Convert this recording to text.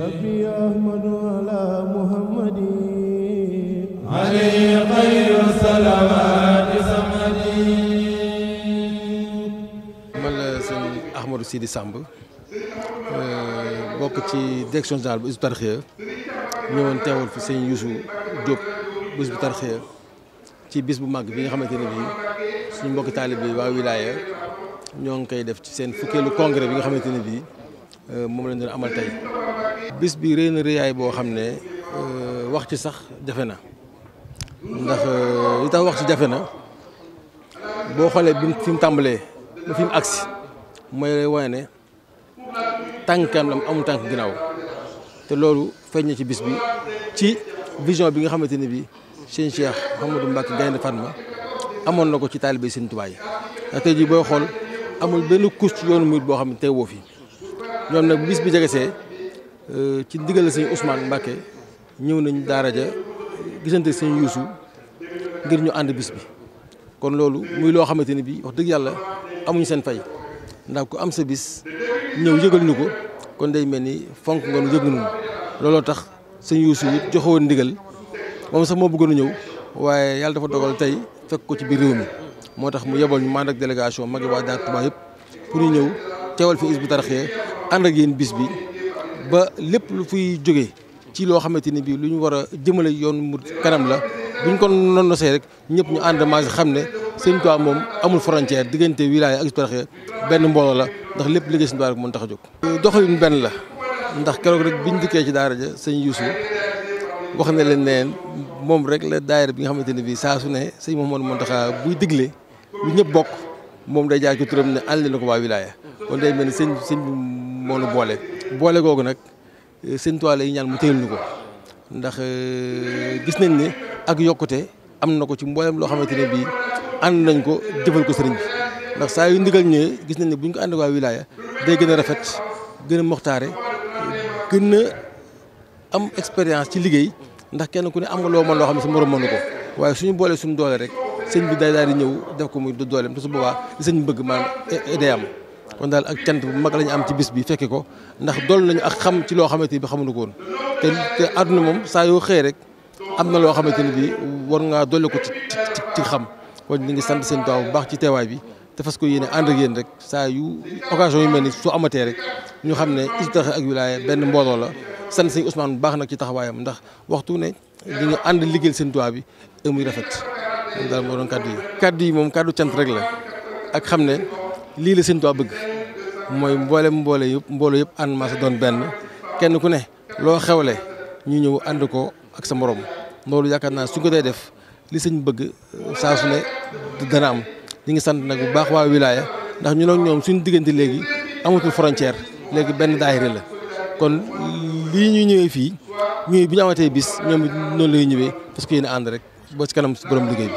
ربي أحمد على محمد عليه خير الصلوات سمدي man la sëñ Ahmadou Sidi Samb euh, bokk ci direction générale bu Hizbut Tarqiyyah ñëwoon teewal fi sëñ Youssou Diop bu Hizbut Tarqiyyah ci bis bu mag bi nga xamante ne bii suñu mbokki taalib waa wilaya ñoo ngi koy def ci seen fukkeelu congrès bi nga xamante ne bii euh, moom lañ doon amal tey bis bi rëy na rëyaay boo xam ne euh, wax ci sax jafe na ndax euh, li tax wax ci jafe na boo xoolee bi fi mu tàmbalee ba fi mu agsi mooy lay wane ne tànkam lam amul tànk ginnaaw te loolu feeñ na ci bis bi ci vision bi nga xamante ni bi sëñ Cheikh Mouhamadou Mbacke Gaynde Fatma amoon na ko ci taalibe sëñ Tuubaa yi ndax tey jii booy xool amul benn couche ci yoonu murit boo xam ne teewoo fi ñoom nag bis bi jegesee Euh, ci ndigal sëñ Ousmane Mbacke ñëw nañ daara ja gisante sëñ Yuusu ngir ñu ànd bis bi kon loolu muy loo xamante ni bi wax dëgg yàlla amuñu seen fay ndax ku am sa bis ñëw yëgal ñu ko kon day mel ni fonk nga nu yëg nu looloo tax sëñ Yuusu it joxe woon ndigal moom sax moo buggoon ñëw waaye yàlla dafa dogal tey fekk ko ci biir réew mi moo tax mu yebal ñu maan ak mag magi waa Daara Touba yëpp pour ñu ñëw teewal fi Hizbut Tarqiyyah ànd ak yéen bis bi ba lépp lu fuy jógee ci loo xamante ni bii lu ñu war a jëmale yoon mu kanam la buñ ko non nosee rek ñëpp ñu ànd maag xam ne Sëñ Tuubaa moom amul frontière diggante wilaya ak isparxe benn mbooloo la ndax lépp liggéey Sëñ Tuubaa rek mën a jóg doxalin benn la ndax keroog rek biñ dikkee ci daara ja sëñ Youssou wax na leen ne moom rek la bi nga xamante ne bii saa su ne sëñ Mouhamadou Mountakha buy digle lu ñëpp bokk moom day jaar ci turam ne ko waa wilaya kon day mel ni sëñ sëñ bi moo nu boole boole googu nag seen toile yi ñaan mu téyel ñu ko ndax eh, gis nañ ni ak yokkute am na ko ci mboolem loo xamante ne bii ànd nañ ko jëfal ko sëriñ bi ndax saa yu ndigal ñëwee gis nañ ni buñ ko ànd waa wilaaya day rafet gën a moxtaare gën a ci liggéey ndax kenn ku ne am nga loo mën loo xam ne sa morom mënu ko waaye suñu boolee suñu doole rek sëñ bi day daal di ñëw def ko muy dooleem te su boobaa li sëñ bëgg maam eh, eh, day kon daal ak cant bu mag lañu am ci bis bi fekke ko ndax dool nañu ak xam ci loo xamante ni bi xamuñu ko woon te te àdduna moom saa yoo xëy rek am na loo xamante ni bi war ngaa doole ko ci ci xam kon ñu ngi sant seen daaw bu baax ci teewaay bi te fas ko yéene ànd ak yéen rek saa yu yu mel ni su amatee rek ñu xam ne Hizbut Tarqiyyah ak Wilaya benn mbooloo la sant sëñ Ousmane bu baax nag ci taxawaayam ndax waxtu ne dañu ànd liggéeyal seen Tuubaa bi muy rafet moom daal moo doon kàddu yi kàddu yi moom kàddu cant rek la ak xam ne lii la Sëñ Tuubaa bëgg mooy mboole mboole yëpp mboole yëpp ànd maa sa doon benn kenn ku ne loo xewle ñu ñëw ànd ko ak sa moroom loolu yaakaar naa su nga dee def li sëñ bëgg uh, saa su ne dana am ñu ngi sant nag bu baax waa wilaya ndax ñu nag ñoom suñu diggante léegi amatul frontière léegi benn daayira la kon lii ñuy ñëwee fii ñuy bu ñu amatee bis ñoom it noonu lay ñëwee parce que yéen ànd rek boo ci kanam borom liggéey bi